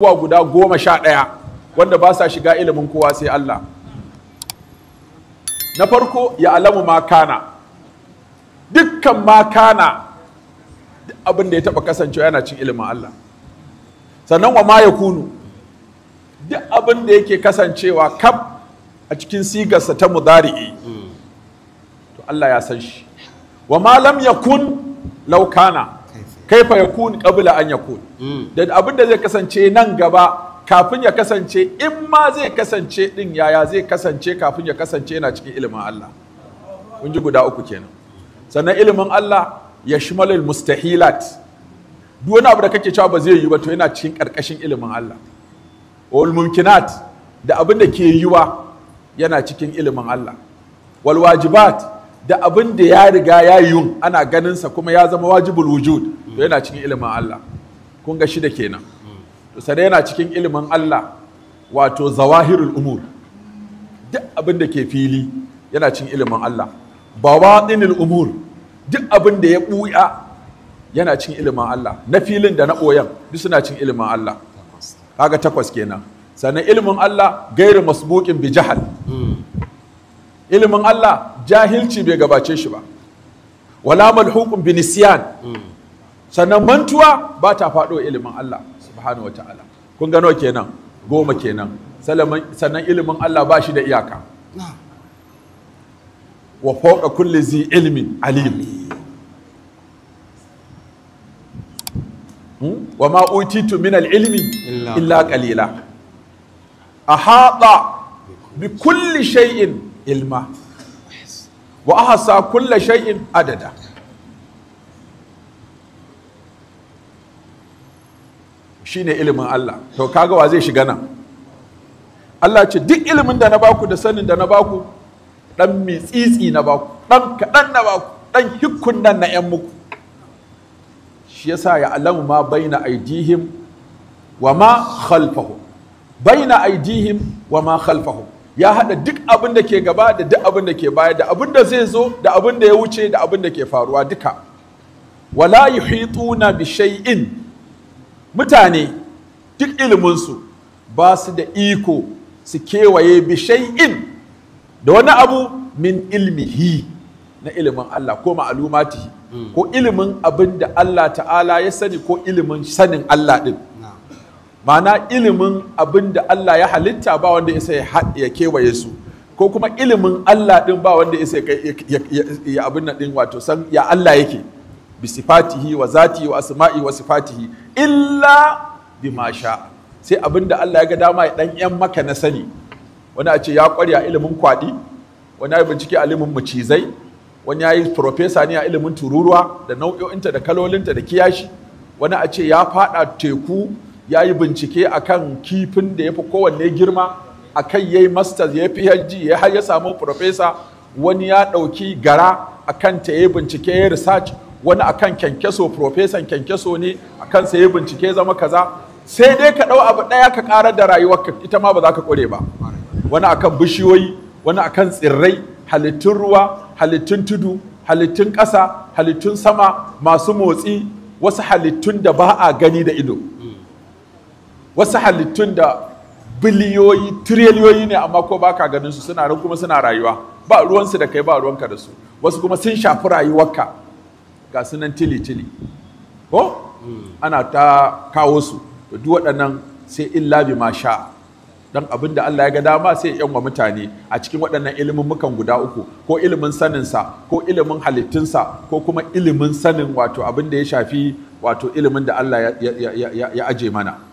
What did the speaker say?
abubuwa guda goma sha ɗaya wanda ba sa shiga ilimin kowa sai Allah. Na farko ya alamu makana, dukkan makana abin da ya taɓa kasancewa yana cin ilimin Allah. Sannan wa ma ya kunu, duk abin da yake kasancewa kaf a cikin sigarsa ta mudari'i, to Allah ya san shi. Wa ma lam yakun laukana. kaifa kun kabila an ya kun mm. da abin da zai kasance nan gaba kafin ya kasance in ma zai kasance din yaya zai kasance kafin ya kasance yana cikin ilimin Allah kun ji guda uku kenan sannan ilimin Allah ya shimalil mustahilat duk wani abu da kake cewa ba zai yi ba to yana cikin karkashin ilimin Allah wal mumkinat da abin da ke yiwa yana cikin ilimin Allah wal wajibat da abin da ya riga ya yi ana ganin sa kuma ya zama wajibul wujud to yana cikin ilimin Allah kun ga shida kenan to sai yana cikin ilimin Allah wato zawahirul umur duk abin da ke fili yana cikin ilimin Allah bawatinul umur duk abin da ya buya yana cikin ilimin Allah na filin da na boyan duk suna cikin ilimin Allah kaga takwas kenan sannan ilimin Allah gairu masbukin bi jahal ilimin Allah jahilci bai gabace shi ba wala malhuqun bi sannan mantuwa ba ta faɗo ilimin Allah subhanahu wa ta'ala kun gano kenan goma kenan sannan ilimin Allah ba shi da iyaka wa fawqa kulli zi ilmin alim hmm? wa ma utitu min al-ilmi illa qalila ahata bi kulli shay'in ilma wa ahsa kulli shay'in adada Shi ne ilimin Allah to kaga wa zai shiga nan Allah ce duk ilimin da na baku da sanin da na baku dan mitsitsi na baku dan kaɗan na baku dan hikkun nan na yan muku shi yasa ya alamu ma baina aidihim wa ma khalfahu baina aidihim wa ma khalfahu ya haɗa duk abin da ke gaba da duk abin da ke baya da abin da zai zo da abin da ya wuce da abin da ke faruwa duka wala yuhituna bi shay'in mutane duk iliminsu ba su da iko su kewaye bishai'in da wani abu min ilmihi na ilimin Allah ko maalumati hmm. ko ilimin abin da Allah ta'ala ya sani ko ilimin sanin Allah din ma'ana ilimin abin da Allah ya halitta ba wanda isa ya kewaye su ko kuma ilimin Allah din ba wanda isa ya abin nan din wato ya Allah yake bisifatihi wa zati wa asma'i wa sifatihi illa bima sha sai abinda Allah ya ga dama ya dan yan maka na sani wani a ce ya kware a ilimin kwadi wani ya bincike a ilimin macizai wani ya yi profesa ne a ilimin tururuwa da nau'o'inta da kalolinta da kiyashi wani a ce ya fada teku ya yi bincike akan kifin da ya fi kowanne girma akan ya yi masters ya yi phd ya har ya samu profesa wani ya dauki gara akan ta ya yi bincike ya research wani akan kyankyaso profesan kyankyaso ne akan sai ya bincike zama kaza sai dai ka ɗau abu ɗaya ka ƙarar da rayuwarka ita ma ba za ka ƙware ba wani akan bishiyoyi wani akan tsirrai halittun ruwa halittun tudu halittun ƙasa halittun sama masu motsi wasu halittun da ba a gani da ido wasu halittun da biliyoyi tiriliyoyi ne amma ko ba ka ganin su suna nan kuma suna rayuwa ba ruwansu da kai ba ruwanka da su wasu kuma sun shafi rayuwarka ga sunan tili-tili ko ana ta kawo su to duk waɗannan sai illa bi ma sha dan abin da Allah ya ga dama sai yan wa mutane a cikin waɗannan ilimin mukan guda uku ko ilimin saninsa ko ilimin halittunsa ko kuma ilimin sanin wato abin da ya shafi wato ilimin da Allah ya aje mana